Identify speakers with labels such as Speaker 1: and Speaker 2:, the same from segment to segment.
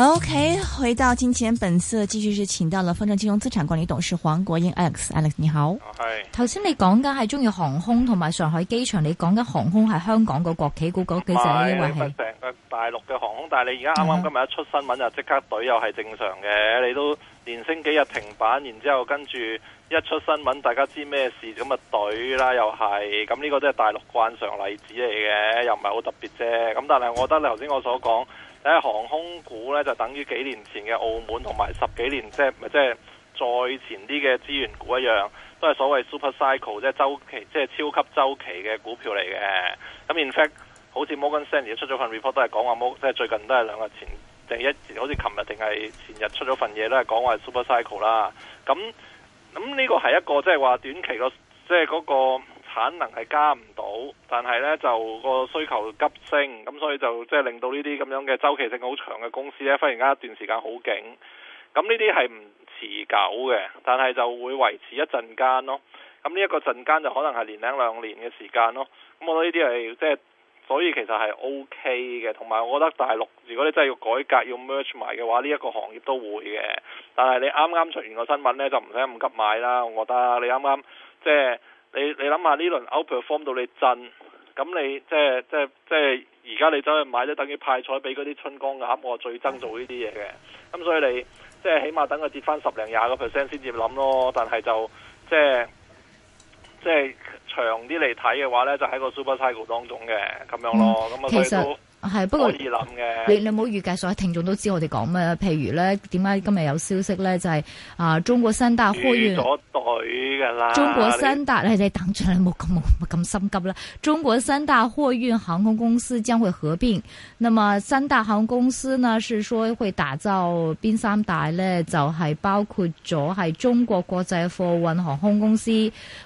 Speaker 1: O、okay, K，回到金錢本色，繼續是請到了方正金融資產管理董事黃國英 Alex，Alex Alex, 你好。
Speaker 2: 係
Speaker 1: 頭先你講緊係中意航空同埋上海機場，你講緊航空係香港個國企股股，其實呢位唔係，成
Speaker 2: 個大陸嘅航空，但係你而家啱啱今日一出新聞就即刻懟，又係正常嘅。啊、你都連升幾日停板，然之後跟住一出新聞，大家知咩事咁啊懟啦，又係咁呢個都係大陸慣常例子嚟嘅，又唔係好特別啫。咁但係我覺得你頭先我所講。喺航空股咧，就等於幾年前嘅澳門同埋十幾年，即係即係再前啲嘅資源股一樣，都係所謂 supercycle，即係週期，即、就、係、是、超級周期嘅股票嚟嘅。咁 in fact，好似摩根士丹 y 出咗份 report 都係講話摩，即、就、係、是、最近都係兩個前定一，好似琴日定係前日出咗份嘢都咧，講話 supercycle 啦。咁咁呢個係一個即係話短期、就是那個，即係嗰個。產能係加唔到，但係呢就個需求急升，咁所以就即係、就是、令到呢啲咁樣嘅周期性好長嘅公司呢，忽然間一段時間好勁。咁呢啲係唔持久嘅，但係就會維持一陣間咯。咁呢一個陣間就可能係年零兩,兩年嘅時間咯。咁我覺得呢啲係即係，所以其實係 OK 嘅。同埋我覺得大陸如果你真係要改革要 merge 埋嘅話，呢、這、一個行業都會嘅。但係你啱啱出完個新聞呢，就唔使咁急買啦。我覺得你啱啱即係。就是你你諗下呢輪 outperform 到你震，咁你即係即係即係而家你走去買都等於派彩俾嗰啲春光鴨，我最憎做呢啲嘢嘅，咁所以你即係起碼等佢跌翻十零廿個 percent 先至諗咯，但係就即係即係長啲嚟睇嘅話呢，就喺、是、個 super cycle 當中嘅咁樣咯，咁啊、嗯、所以都。係，不過你你
Speaker 1: 冇預計所有聽眾都知我哋講咩？譬如咧，點解今日有消息咧？就係、是、啊，中國三大貨運，預咗
Speaker 2: 隊噶啦。中國三
Speaker 1: 大咧你，你等住你冇咁咁心急啦。中國三大貨運航空公司將會合併。那麼三大航空公司呢，是說會打造邊三大咧？就係、是、包括咗係中國國際貨運航空公司，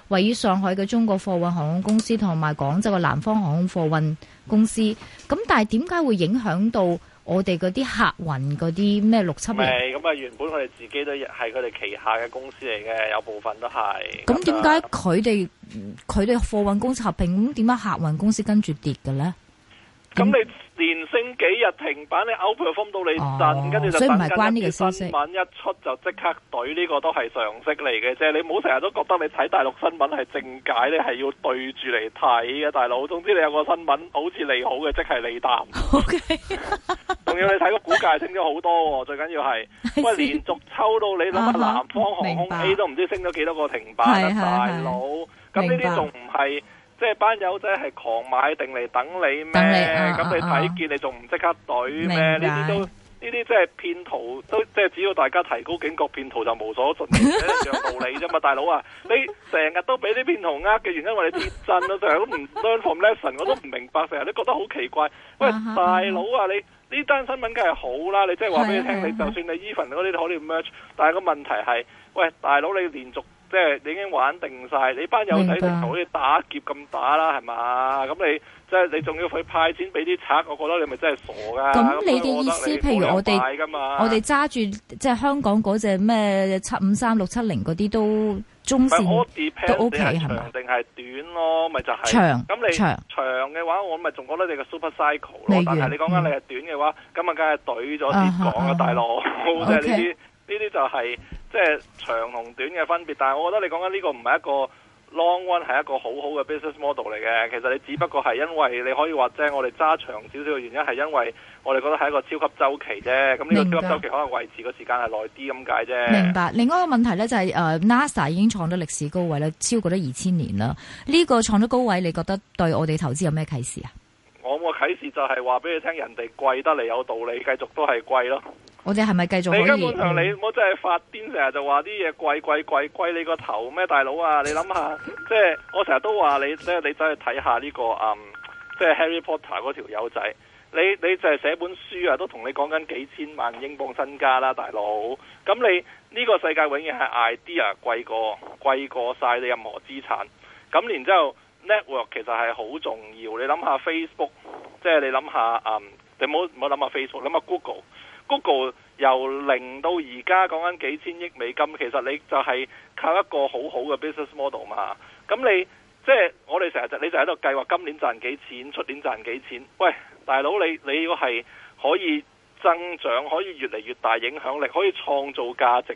Speaker 1: 位於上海嘅中國貨運航空公司，同埋廣州嘅南方航空貨運。公司咁，但係點解會影響到我哋嗰啲客運嗰啲咩六七？唔係咁
Speaker 2: 啊！原本佢哋自己都係佢哋旗下嘅公司嚟嘅，有部分都係。咁點解
Speaker 1: 佢哋佢哋貨運公司合併，咁點解客運公司跟住跌嘅咧？
Speaker 2: 咁、嗯、你？連升幾日停板，你 operate 到你震，跟住就所以唔係新聞一出就即刻懟呢、呢個都係常識嚟嘅啫。你唔好成日都覺得你睇大陸新聞係正解，你係要對住嚟睇嘅，大佬。總之你有個新聞好似利好嘅，即係你淡。OK，仲要 你睇個股價升咗好多，最緊要係，哇，連續抽到你到南方航空 白 A 都唔知升咗幾多個停板，大佬。 呢啲仲唔係。即係班友仔係狂買定嚟等你咩？咁你睇、啊啊、見你仲唔即刻懟咩？呢啲白都呢啲即係騙徒，都即係只要大家提高警覺，騙徒就無所遁形。有道理啫嘛，大佬啊！ 你成日都俾啲騙徒呃嘅原因，話你跌震啊，成日 都唔 learn from lesson，我都唔明白，成日 都覺得好奇怪。喂，uh、huh, 大佬啊,、uh huh. 啊，你呢單新聞梗係好啦，你即係話俾你聽，huh. 你就算你 even 嗰啲可以 merge，但係個問題係，喂，大佬你連續。即係你已經玩定晒，你班友仔就好似打劫咁打啦，係嘛？咁你即係你仲要去派錢俾啲賊，我覺得你咪真係傻噶。咁你嘅意思，譬如我哋我哋
Speaker 1: 揸住即係香港嗰隻咩七五三六七零嗰啲都中線都 OK 係嘛？長
Speaker 2: 定係短咯，咪就係長咁你長嘅話，我咪仲覺得你個 super cycle 咯。但係你講緊你係短嘅話，咁啊梗係懟咗啲講啊，大佬即係呢啲。呢啲就係即係長同短嘅分別，但係我覺得你講緊呢個唔係一個 long one，係一個好好嘅 business model 嚟嘅。其實你只不過係因為你可以話即係我哋揸長少少嘅原因，係因為我哋覺得係一個超級周期啫。咁呢個超級周期可能維持個時間係耐啲咁解啫。明白，明
Speaker 1: 白。另外一個問題呢就係 NASA 已經創咗歷史高位咧，超過咗二千年啦。呢個創咗高位，你覺得對我哋投資有咩啟示啊？
Speaker 2: 我個啟示就係話俾你聽，人哋貴得嚟有道理，繼續都係貴咯。
Speaker 1: 我哋係咪繼續可以？你根本上你
Speaker 2: 我真係發癲，成日就話啲嘢貴貴貴貴，你個頭咩，大佬啊！你諗下，即係我成日都話你，你你走去睇下呢個嗯，即係 Harry Potter 嗰條友仔，你你就係寫本書啊，都同你講緊幾千萬英鎊身家啦，大佬。咁你呢個世界永遠係 idea 貴過貴過晒你任何資產。咁然之後 network 其實係好重要。你諗下 Facebook，即係你諗下嗯，你唔好唔好諗下 Facebook，諗下 Google。Google 由零到而家講緊幾千億美金，其實你就係靠一個好好嘅 business model 嘛。咁你即係、就是、我哋成日就你就喺度計劃今年賺幾錢，出年賺幾錢。喂，大佬你你如果係可以增長，可以越嚟越大影響力，可以創造價值，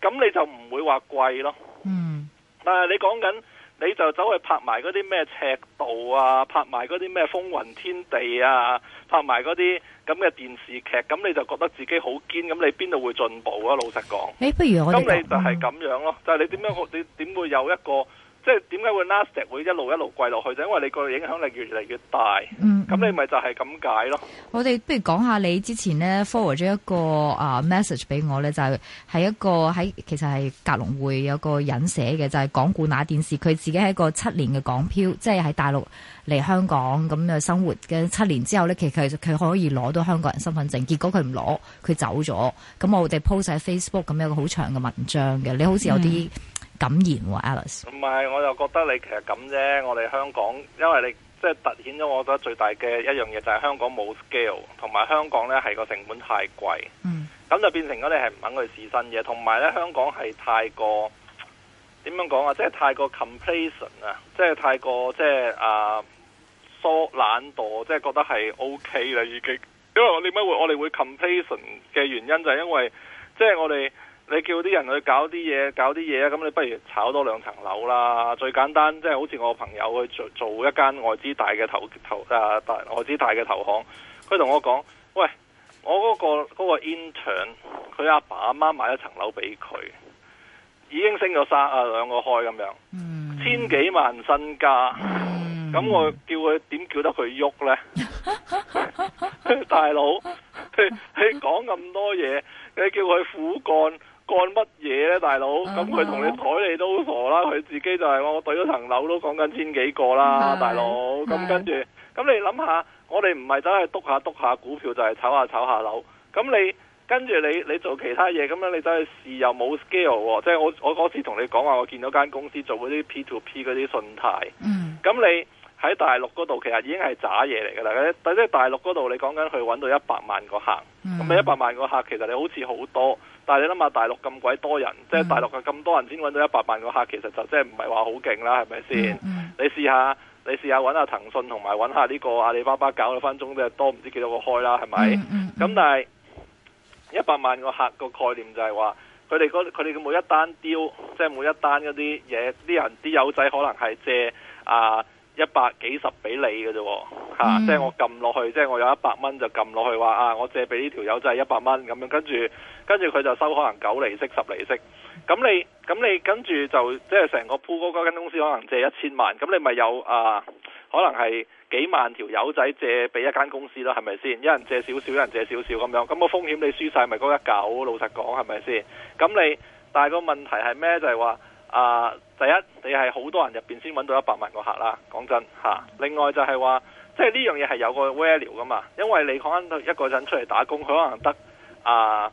Speaker 2: 咁你就唔會話貴咯。嗯，但係你講緊。你就走去拍埋嗰啲咩尺度啊，拍埋嗰啲咩風雲天地啊，拍埋嗰啲咁嘅電視劇，咁你就覺得自己好堅，咁你邊度會進步啊？老實講，你、欸、不如我咁、嗯、你就係咁樣咯，就係、是、你點樣，你點會有一個。即係點解會 Nasdaq 會一路一路貴
Speaker 1: 落去？就因為你個影響力越嚟越大，嗯，咁、嗯、你咪就係咁解咯。我哋不如講下你之前呢 forward 咗一個啊、uh, message 俾我咧，就係、是、係一個喺其實係格隆會有個人寫嘅，就係、是、港股那電視佢自己係一個七年嘅港漂，即係喺大陸嚟香港咁嘅生活嘅、就是、七年之後呢，其實佢可以攞到香港人身份證，結果佢唔攞，佢走咗。咁我哋 post 喺 Facebook 咁有個好長嘅文章嘅，你好似有啲。嗯。敢然喎，Alice 唔
Speaker 2: 係，我又覺得你其實咁啫。我哋香港，因為你即係突顯咗，我覺得最大嘅一樣嘢就係香港冇 scale 同埋香港呢係個成本太貴。嗯，咁就變成咗你係唔肯去試新嘢，同埋呢，香港係太過點樣講啊？即係太過 complacent 啊！即係太過即係啊疏懶惰，即係覺得係 OK 啦已經。因為我點解會我哋會 complacent 嘅原因就係因為即係我哋。你叫啲人去搞啲嘢，搞啲嘢啊！咁你不如炒多兩層樓啦，最簡單，即係好似我朋友去做做一間外資大嘅投投啊，大外資大嘅投行。佢同我講：，喂，我嗰個嗰個 intern，佢阿爸阿媽買一層樓俾佢，已經升咗三啊兩個開咁樣，千幾萬身家。咁，嗯，我叫佢點叫得佢喐呢？
Speaker 1: 」大佬，
Speaker 2: 你講咁多嘢，你叫佢苦幹。幹乜嘢呢大佬？咁佢同你睬你都傻啦，佢自己就係我，我懟咗層樓都講緊千幾個啦，大佬。咁、嗯、跟住，咁、就是、是你諗下，我哋唔係真係督下督下股票，就係、是、炒下炒下樓。咁你跟住你，你做其他嘢咁樣，你走去試又冇 scale，、哦、即係我我嗰次同你講話，我見到間公司做嗰啲 P to P 嗰啲信貸。嗯。咁你。喺大陸嗰度其實已經係渣嘢嚟噶啦，但即係大陸嗰度你講緊佢揾到一百萬個客，咁你、嗯、一百萬個客其實你好似好多，但係你諗下大陸咁鬼多人，即係、嗯、大陸咁多人先揾到一百萬個客，其實就即係唔係話好勁啦，係咪先？你試下，你試下揾下騰訊同埋揾下呢個阿里巴巴搞分鐘，搞咗翻中嘅多唔知幾多個開啦，係咪？咁、嗯嗯嗯、但係一百萬個客個概念就係話，佢哋佢哋嘅每一單丟，即係每一單嗰啲嘢，啲人啲友仔可能係借啊。呃一百幾十俾你嘅啫，嚇、mm. 啊！即、就、係、是、我撳落去，即、就、係、是、我有一百蚊就撳落去話啊，我借俾呢條友仔一百蚊咁樣，跟住跟住佢就收可能九厘息十厘息。咁你咁你跟住就即係成個鋪嗰間公司可能借一千萬，咁你咪有啊？可能係幾萬條友仔借俾一間公司咯，係咪先？一人借少少，一人借少少咁樣，咁個風險你輸晒咪嗰一嚿？老實講係咪先？咁你但係個問題係咩？就係、是、話。啊！第一，你係好多人入邊先揾到一百萬個客啦。講真嚇，另外就係話，即係呢樣嘢係有個 value 噶嘛。因為你講緊一個人出嚟打工，佢可能得啊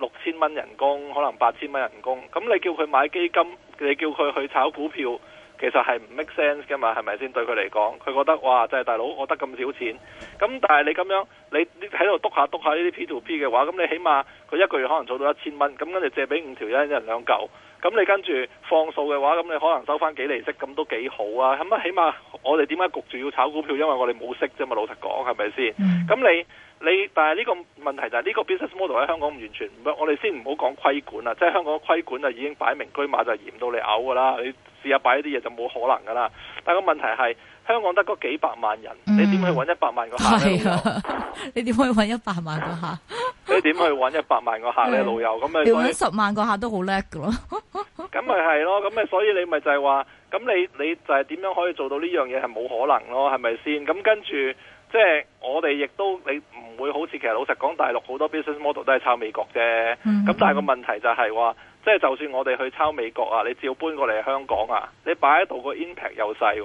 Speaker 2: 六千蚊人工，可能八千蚊人工。咁你叫佢買基金，你叫佢去炒股票，其實係唔 make sense 噶嘛？係咪先對佢嚟講？佢覺得哇，即係大佬，我得咁少錢。咁但係你咁樣，你喺度督下督下呢啲 P to P 嘅話，咁你起碼佢一個月可能做到一千蚊。咁跟住借俾五條友，一人兩嚿。咁你跟住放數嘅話，咁你可能收翻幾利息，咁都幾好啊！咁啊，起碼我哋點解焗住要炒股票？因為我哋冇息啫嘛，老實講，係咪先？咁你你，但係呢個問題就係呢個 business model 喺香港唔完全，我哋先唔好講規管啦。即係香港規管就已經擺明車馬就嚴到你嘔噶啦。你試下擺啲嘢就冇可能噶啦。但係個問題係。香港得嗰幾百萬人，你點去搵一百萬個客咧？嗯、
Speaker 1: 你點去搵一百萬個
Speaker 2: 客？ 你點去搵一百萬個客咧？老友， 咁咪搵十
Speaker 1: 萬個客都好叻噶咯？
Speaker 2: 咁咪係咯？咁咪所以你咪就係話，咁你你就係點樣可以做到呢樣嘢係冇可能咯？係咪先？咁跟住即係我哋亦都你唔會好似其實老實講，大陸好多 business model 都係抄美國啫。咁但係個問題就係話，即係就算我哋去抄美國啊，你照搬過嚟香港啊，你擺喺度個 impact 又細。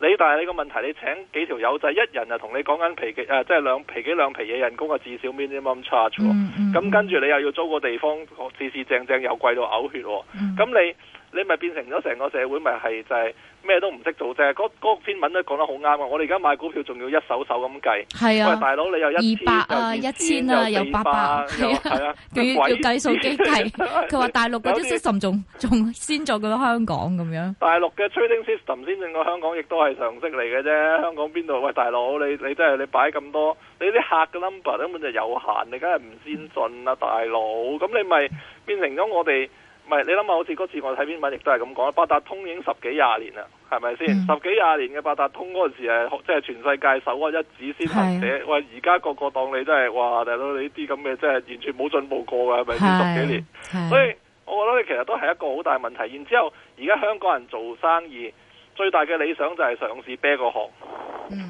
Speaker 2: 你但係你個問題，你請幾條友仔，就是、一人啊同你講緊皮幾，誒、呃，即、就、係、是、兩皮幾兩皮嘢人工啊，至少 minimum charge 喎。咁跟住你又要租個地方，四四正正又貴到嘔血，咁、哦嗯嗯、你。你咪變成咗成個社會咪係就係咩都唔識做啫？嗰嗰篇文都講得好啱啊！我哋而家買股票仲要一手手咁計，喂大佬你又一百啊一千啊又八百，係啊，仲要要計數機計。
Speaker 1: 佢話大陸嗰啲 system 仲仲先進過香港咁樣。
Speaker 2: 大陸嘅 trading system 先進過香港，亦都係常識嚟嘅啫。香港邊度？喂大佬，你你真係你擺咁多，你啲客嘅 number 根本就有限，你梗係唔先進啊，大佬。咁你咪變成咗我哋。唔係你諗下，好似嗰次我睇篇文，亦都係咁講八達通已經十幾廿年啦，係咪先？嗯、十幾廿年嘅八達通嗰陣時即係、就是、全世界首屈一指先行者。是喂！而家個個當你都係哇，大佬你呢啲咁嘅，即係完全冇進步過嘅，係咪先？是十幾年，所以我覺得咧，其實都係一個好大問題。然之後，而家香港人做生意最大嘅理想就係上市啤個殼，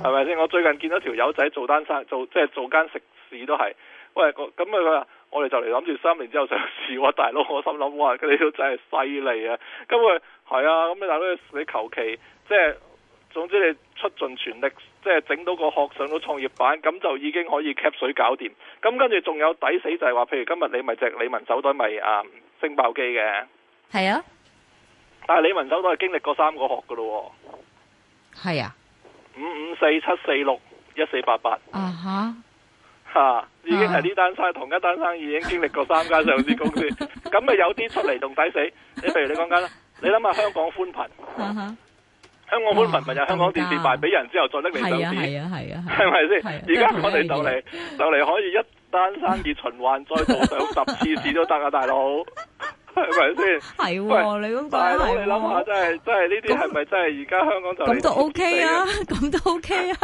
Speaker 2: 係咪先？我最近見到條友仔做單生，做即係做，做間食肆都係，喂，咁佢話。我哋就嚟諗住三年之後上市喎，大佬，我心諗哇，佢哋都真係犀利啊！咁佢係啊，咁你大佬你求其即係，總之你出盡全力，即係整到個殼上到創業板，咁就已經可以吸水搞掂。咁、嗯、跟住仲有抵死就係話，譬如今日你咪隻李文手袋咪啊升爆機嘅，係啊！啊但係李文手袋係經歷過三個殼噶咯，
Speaker 1: 係啊，
Speaker 2: 五五四七四六一四八八，
Speaker 1: 啊哈。Uh huh.
Speaker 2: 啊！已經係呢單生意，同一單生意已經經歷過三間上市公司，咁咪 有啲出嚟仲抵死。你譬如你講緊啦，你諗下香港寬頻，啊，香港寬頻咪又香港電視賣俾人之後再拎嚟上市，係啊係啊，係咪先？而家我哋就嚟就嚟可以一單生意循環再做上十次事都得啊，大佬！係咪先？係喎，你咁講，你諗下真係真係呢啲係咪真係而家香港就咁都 OK 啊？
Speaker 1: 咁都 OK 啊？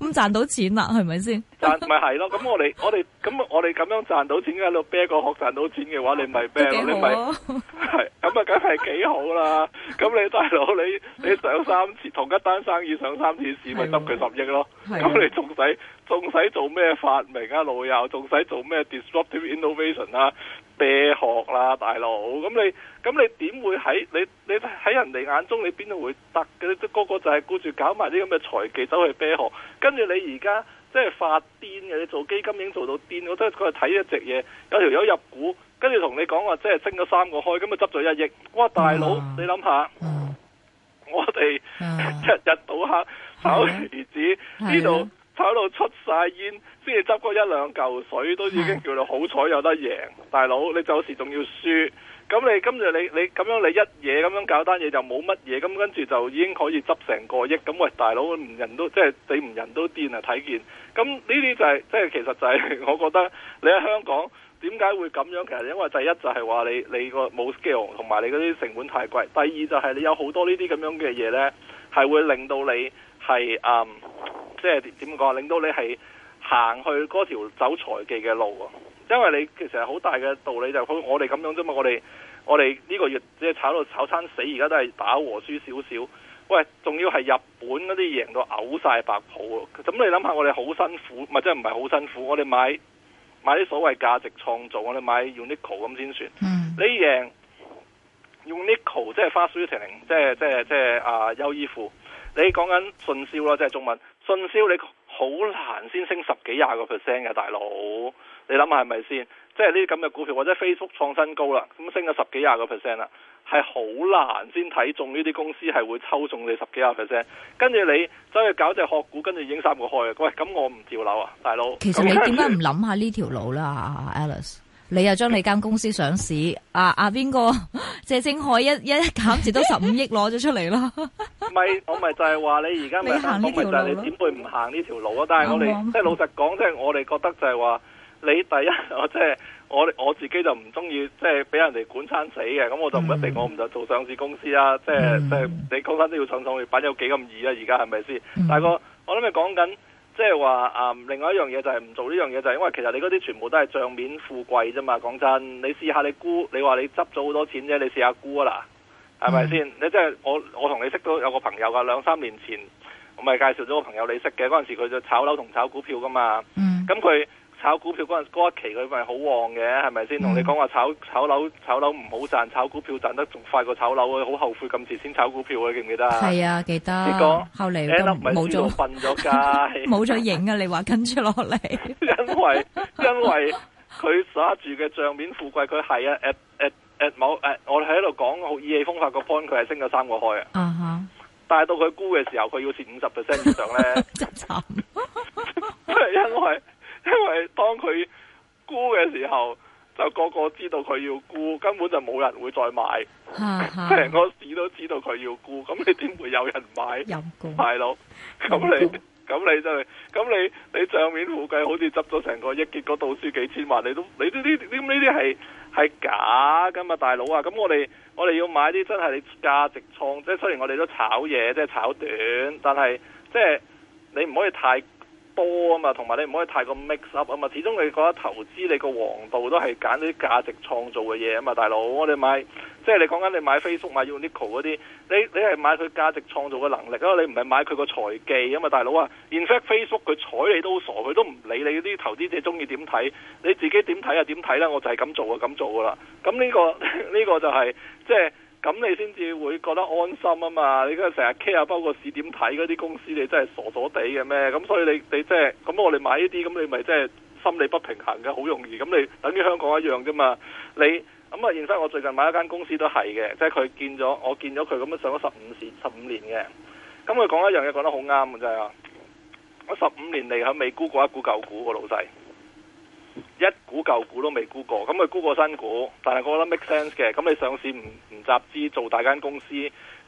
Speaker 1: 咁賺到錢啦，係咪先？
Speaker 2: 賺咪係咯？咁我哋我哋咁我哋咁樣賺到錢喺度 bear 個學賺到錢嘅話，你咪 bear 咯？你咪
Speaker 1: 係。
Speaker 2: 梗係 幾好啦！咁你大佬，你你上三次同一單生意上三次市，咪執佢十億咯？咁 你仲使仲使做咩發明啊？老友仲使做咩 disruptive innovation 啊？啤殼啦，大佬！咁你咁你點會喺你你，喺人哋眼中你邊度會得嘅？嗰啲個個就係顧住搞埋啲咁嘅財技走去啤殼，跟住你而家即係發癲嘅，你做基金已經做到癲，我覺得佢睇一隻嘢有條友入股。跟住同你講話，即係升咗三個開，咁咪執咗一億。哇，大佬，啊、你諗下，我哋日日賭下，炒魚子呢度，炒到出晒煙，先至執過一兩嚿水，都已經叫到好彩有得贏。啊、大佬，你就有時仲要輸，咁、啊、你跟住你你咁樣，你一嘢咁樣搞單嘢就冇乜嘢，咁跟住就已經可以執成個億。咁喂，大佬唔人都即係你唔人都癲啊！睇見咁呢啲就係、是，即係其實就係、是，我覺得你喺香港。點解會咁樣？其實因為第一就係話你你個冇 scale，同埋你嗰啲成本太貴。第二就係你有好多呢啲咁樣嘅嘢呢，係會令到你係，即係點講？令到你係行去嗰條走財技嘅路啊！因為你其實好大嘅道理，就好似我哋咁樣啫嘛。我哋我哋呢個月即係炒到炒餐死而家都係打和輸少少。喂，仲要係日本嗰啲贏到嘔晒白泡啊！咁你諗下，我哋好辛苦，咪係真係唔係好辛苦，我哋買。買啲所謂價值創造，我哋買 Uniqlo 咁先算。Mm. 你贏 Uniqlo 即係 Fast Retailing，即係即係即係啊優衣庫。你講緊迅銷啦，即係中文迅銷，你好難先升十幾廿個 percent 嘅大佬。你諗下係咪先？即係呢啲咁嘅股票或者 Facebook 創新高啦，咁升咗十幾廿個 percent 啦。係好難先睇中呢啲公司係會抽中你十幾廿 percent，跟住你走去搞隻殼股，跟住已經三個開啦。喂，咁我唔跳樓啊，大佬。其實你點解唔
Speaker 1: 諗下呢條路啦，Alice？你又將你間公司上市，啊啊邊個謝清海一一減持到十五億攞咗出嚟啦？
Speaker 2: 唔係， 我咪就係話你而家咪行呢條路你點會唔行呢條路啊，嗯、但係我哋即係老實講，即係我哋覺得就係話。你第一，我即、就、係、是、我我自己就唔中意即係俾人哋管餐死嘅，咁我就唔一定我唔就做上市公司啦、啊。嗯、即係、嗯、即係你講緊都要創新產品有幾咁易啊？而家係咪先？大係、嗯、我諗你講緊即係話啊，另外一樣嘢就係唔做呢樣嘢，就係、是、因為其實你嗰啲全部都係帳面富貴啫嘛。講真，你試下你估，你話你執咗好多錢啫，你試下估啊啦，係咪先？嗯、你即、就、係、是、我我同你識到有個朋友噶兩三年前，我咪介紹咗個朋友你識嘅嗰陣時，佢就炒樓同炒股票噶嘛，咁佢、嗯。炒股票嗰陣嗰一期佢咪、嗯、好旺嘅係咪先？同你講話炒炒樓炒樓唔好賺，炒股票賺得仲快過炒樓啊！好後悔咁遲先炒股票啊，你記唔記得啊？係啊，記得。結果後嚟都冇咗，瞓咗架，冇咗
Speaker 1: 影啊！你話跟住
Speaker 2: 落嚟，因為因為佢揸住嘅賬面富貴，佢係啊誒誒誒冇誒，at, 我哋喺度講好意氣風發個 point，佢係升咗三個開啊！Uh huh. 但係，到佢沽嘅時候，佢要蝕五十 percent 以上咧， 真慘慘， 因為。因為當佢沽嘅時候，就個個知道佢要沽，根本就冇人會再買。成個哈 市都知道佢要沽，咁你點會有人買？有沽，大佬，咁你咁過你真係咁你你賬面負債好似執咗成個億，結果倒輸幾千萬，你都你都呢呢啲係係假噶嘛，大佬啊！咁我哋我哋要買啲真係價值創，即係雖然我哋都炒嘢，即係炒短，但係即係你唔可以太。多啊嘛，同埋你唔可以太過 mix up 啊嘛，始終你覺得投資你個黃道都係揀啲價值創造嘅嘢啊嘛，大佬，我哋買即係你講緊你買 Facebook 買 Uniqlo 嗰啲，你你係買佢價值創造嘅能力啊，你唔係買佢個財技啊嘛，大佬啊，In fact Facebook 佢睬你都傻，佢都唔理你啲投資者中意點睇，你自己點睇就點睇啦，我就係咁做啊咁做噶啦，咁呢個，呢個就係即係。即係咁你先至會覺得安心啊嘛！你而家成日 care 包個市點睇嗰啲公司，你真係傻傻地嘅咩？咁所以你你即係咁，我哋買呢啲咁，你咪即係心理不平衡嘅，好容易。咁你等於香港一樣啫嘛。你咁啊，現世！我最近買一間公司都係嘅，即係佢見咗，我見咗佢咁樣上咗十五年，十五年嘅。咁佢講一樣嘢講得好啱嘅真係啊！我十五年嚟係未沽過一股舊股個老細。一股舊股都未沽過，咁佢沽過新股，但係我覺得 make sense 嘅。咁你上市唔唔集資做大間公司，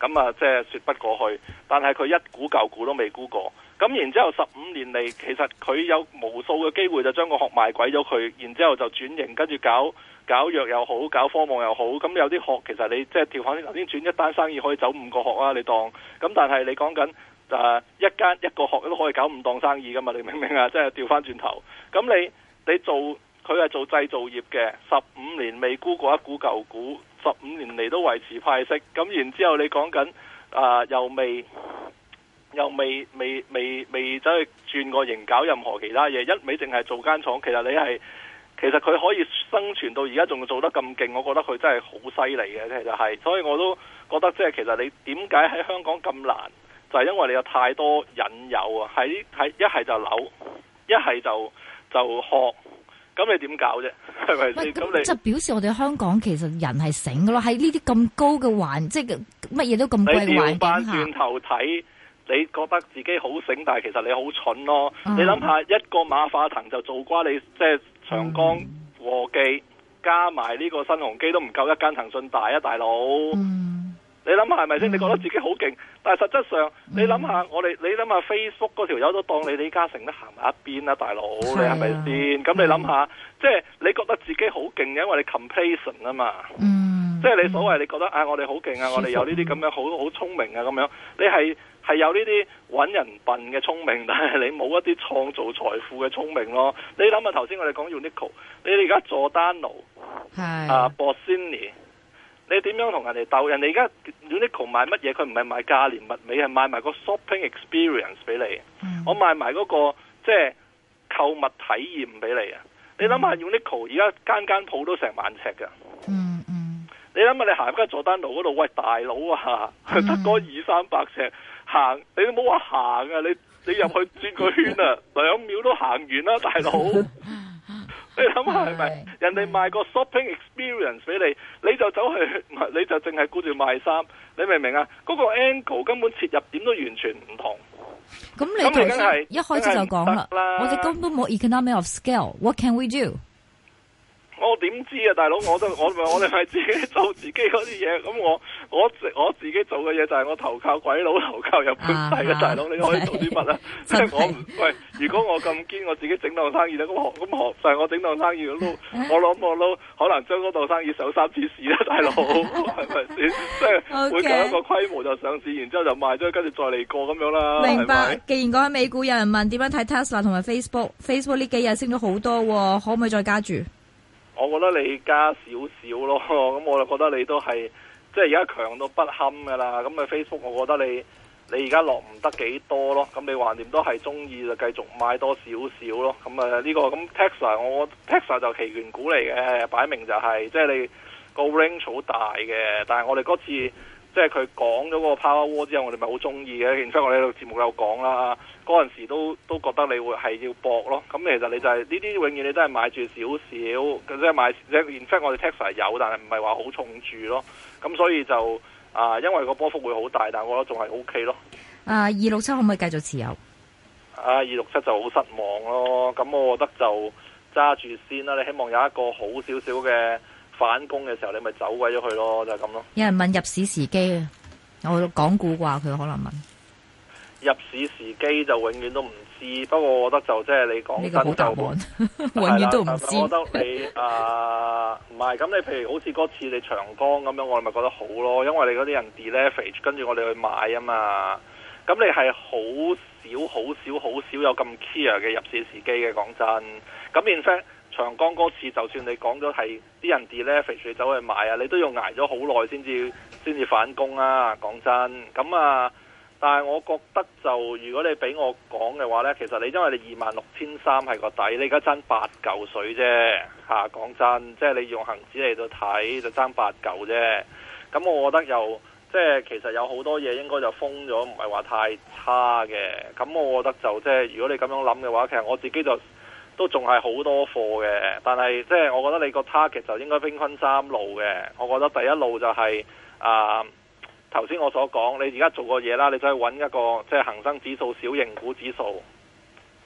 Speaker 2: 咁啊即係說不過去。但係佢一股舊股都未沽過，咁然之後十五年嚟，其實佢有無數嘅機會就將個殼賣鬼咗佢，然之後就轉型跟住搞搞藥又好，搞科網又好。咁有啲殼其實你即係、就是、調翻頭先轉一單生意可以走五個殼啊，你當咁。但係你講緊誒一間一個殼都可以搞五檔生意噶嘛？你明唔明啊？即、就、係、是、調翻轉頭，咁你。你做佢係做製造業嘅，十五年未沽過一股舊股，十五年嚟都維持派息。咁然之後你講緊啊，又未又未未未未,未走去轉個型，搞任何其他嘢，一味淨係做間廠。其實你係其實佢可以生存到而家仲做得咁勁，我覺得佢真係好犀利嘅，其實係。所以我都覺得即係其實你點解喺香港咁難，就係、是、因為你有太多引誘啊！喺喺一係就樓，一係就,就。就學，咁你點搞啫？係咪？咁即係
Speaker 1: 表示我哋香港其實人係醒嘅咯，喺呢啲咁高嘅環，即係乜嘢都咁貴嘅環境下，轉
Speaker 2: 頭睇，你覺得自己好醒，但係其實你好蠢咯。嗯、你諗下一個馬化騰就做瓜，你即係長江和記加埋呢個新鴻基都唔夠一間騰訊大啊，大佬！嗯你諗下係咪先？嗯、你覺得自己好勁，但係實質上你諗下我，我哋你諗下 Facebook 嗰條友都當你李嘉誠都行埋一邊啊。大佬，嗯、你係咪先？咁你諗下，嗯、即係你覺得自己好勁，因為你 complation 啊嘛，嗯、即係你所謂你覺得啊、哎，我哋好勁啊，我哋有呢啲咁樣好好聰明啊咁樣，你係係有呢啲揾人笨嘅聰明，但係你冇一啲創造財富嘅聰明咯。你諗下頭先我哋講 Uniqlo，你哋而家做佐丹奴，係啊 Bossini。Uh, 你點樣同人哋鬥？人哋而家 Uniqlo 賣乜嘢？佢唔係賣價廉物美，係賣埋個 shopping experience 俾你。嗯、我賣埋嗰、嗰個即係購物體驗俾你啊！你諗下 Uniqlo 而家間間鋪都成萬尺噶、嗯。嗯嗯，你諗下你行而家佐丹奴嗰度，喂大佬啊，得嗰、嗯、二三百尺行，你都冇話行啊！你你入去轉個圈啊，兩、嗯、 秒都行完啦、啊，大佬。 你諗下係咪？人哋賣個 shopping experience 俾你，的你就走去，你就淨係顧住賣衫，你明唔明啊？嗰個 angle 根本切入點都完全唔同。咁你頭先一開始就講啦，我哋根
Speaker 1: 本冇 economy of scale，what can we do？
Speaker 2: 我點知啊，大佬我都我咪我哋咪自己做自己嗰啲嘢。咁我我我自己做嘅嘢就係我投靠鬼佬，投靠日本仔啊。啊的大佬你可以做啲乜啊？的即係是我唔喂， 如果我咁堅，我自己整檔生意啦。咁咁，就係我，我整檔生意都我攞我撈，我可能將嗰檔生意上三次市啦，大佬係咪先？即係會搞一個規模就上市，然之後就賣咗，跟住再嚟過咁樣啦。明白。是是
Speaker 1: 既然講喺美股，有人問點樣睇 Tesla 同埋 Facebook？Facebook 呢幾日升咗好多，哦，可唔可以再加注？
Speaker 2: 我覺得你加少少咯，咁、嗯、我就覺得你都係，即係而家強到不堪嘅啦。咁、嗯、啊，Facebook 我覺得你你而家落唔得幾多咯，咁、嗯、你橫掂都係中意就繼續買多少少咯。咁、嗯、啊，呢、這個咁、嗯嗯、Tesla 我 Tesla 就期權股嚟嘅，擺明就係、是、即係你個 range 好大嘅，但係我哋嗰次。即係佢講咗嗰個 Powwow 之後，我哋咪好中意嘅。然之後我哋呢度節目又講啦，嗰陣、mm hmm. 時都都覺得你會係要搏咯。咁其實你就係呢啲永遠你都係買住少少，即係買即係認我哋 Tesla 有，但係唔係話好重注咯。咁所以就啊、呃，因為個波幅會好大，但係我覺得仲係 OK 咯。
Speaker 1: 啊，二六七可唔可以繼續持有？
Speaker 2: 啊，二六七就好失望咯。咁我覺得就揸住先啦。你希望有一個好少少嘅。返工嘅時候，你咪走鬼咗佢咯，就係、是、咁咯。
Speaker 1: 有人問入市時機啊，我講古話佢可
Speaker 2: 能問入市時機就永遠都唔知，不過我覺得就即係你講真個好就
Speaker 1: 永遠都唔知。
Speaker 2: 覺得你啊唔係咁，呃、你譬如好似嗰次你長江咁樣，我咪覺得好咯，因為你嗰啲人 deleverage 跟住我哋去買啊嘛。咁你係好少、好少、好少有咁 clear 嘅入市時機嘅，講真。咁 in fact。長江嗰次，就算你講咗係啲人哋咧肥水走去買啊，你都要挨咗好耐先至先至反攻啊！講真，咁啊，但係我覺得就如果你俾我講嘅話呢，其實你因為你二萬六千三係個底，你而家爭八嚿水啫嚇，講真，即係你用恆指嚟到睇就爭八嚿啫。咁我覺得又即係其實有好多嘢應該就封咗，唔係話太差嘅。咁我覺得就即係如果你咁樣諗嘅話，其實我自己就。都仲係好多貨嘅，但係即係我覺得你個 target 就應該兵分三路嘅。我覺得第一路就係、是、啊，頭、呃、先我所講，你而家做過嘢啦，你就去揾一個即係恒生指數、小型股指數，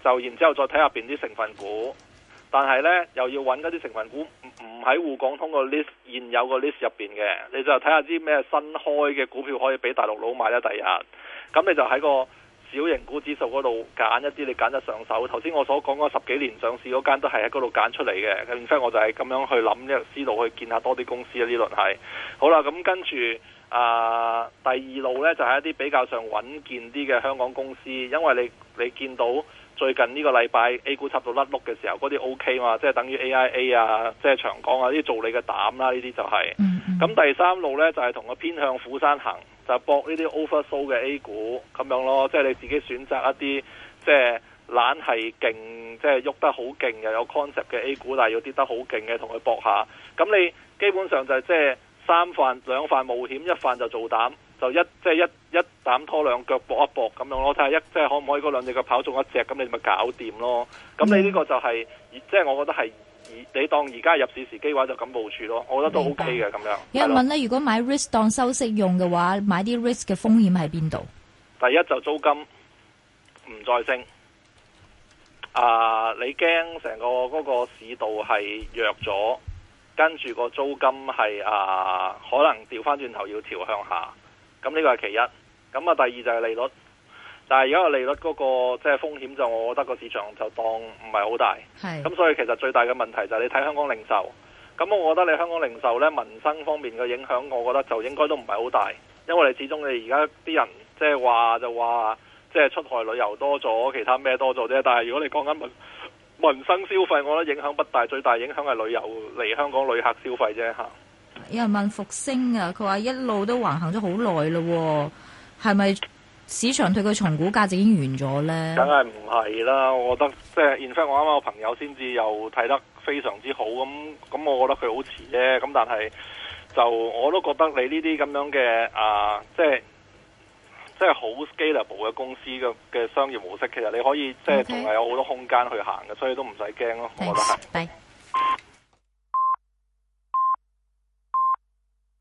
Speaker 2: 就然之後再睇下邊啲成分股。但係呢，又要揾嗰啲成分股唔喺滬港通個 list 現有個 list 入邊嘅，你就睇下啲咩新開嘅股票可以俾大陸佬買得第一，咁你就喺個。小型股指數嗰度揀一啲你揀得上手，頭先我所講嗰十幾年上市嗰間都係喺嗰度揀出嚟嘅，咁所以我就係咁樣去諗呢個思路去見下多啲公司啊，呢輪係好啦，咁跟住啊第二路呢，就係、是、一啲比較上穩健啲嘅香港公司，因為你你見到。最近呢個禮拜 A 股插到甩碌嘅時候，嗰啲 OK 嘛，即係等於 AIA 啊，即係長江啊，啲做你嘅膽啦，呢啲就係、是。咁第三路呢，就係同佢偏向虎山行，就博呢啲 oversold 嘅 A 股咁樣咯，即係你自己選擇一啲即係懶係勁，即係喐得好勁又有 concept 嘅 A 股，但係要跌得好勁嘅同佢博下。咁你基本上就係、是、即係。三犯兩犯冒險，一犯就做膽，就一即係、就是、一一膽拖兩腳搏一搏咁樣咯。睇下一即係、就是、可唔可以嗰兩隻腳跑中一隻咁，你咪搞掂咯。咁、嗯、你呢個就係即係我覺得係你,你當而家入市時機嘅話，就咁部署咯。我覺得都 OK 嘅咁樣。有人問
Speaker 1: 咧，如果買 risk 當收息用嘅話，買啲 risk 嘅風險喺邊度？
Speaker 2: 第一就租金唔再升。啊，你驚成個嗰、那個市道係弱咗？跟住個租金係啊，可能調翻轉頭要調向下，咁、嗯、呢、這個係其一。咁、嗯、啊，第二就係利率，但係而家個利率嗰、那個即係、就是、風險就，我覺得個市場就當唔係好大。係是。咁、嗯、所以其實最大嘅問題就係你睇香港零售。咁、嗯、我覺得你香港零售呢，民生方面嘅影響，我覺得就應該都唔係好大，因為你始終你而家啲人即係話就話即係出海旅遊多咗，其他咩多咗啫。但係如果你講緊民生消費我覺得影響不大，最大影響係旅遊嚟香港旅客消費啫嚇。有
Speaker 1: 人問復星啊，佢話一路都橫行咗好耐咯，係咪市場對佢重估價值已經完咗呢？梗
Speaker 2: 係唔係啦？我覺得即係 even 我啱啱個朋友先至又睇得非常之好，咁咁我覺得佢好遲啫。咁但係就我都覺得你呢啲咁樣嘅啊、呃，即係。即係好 scalable 嘅公司嘅嘅商業模式，其實你可以即係仲係有好多空間去行嘅，所以都唔使驚咯，Okay. 我覺
Speaker 1: 得係。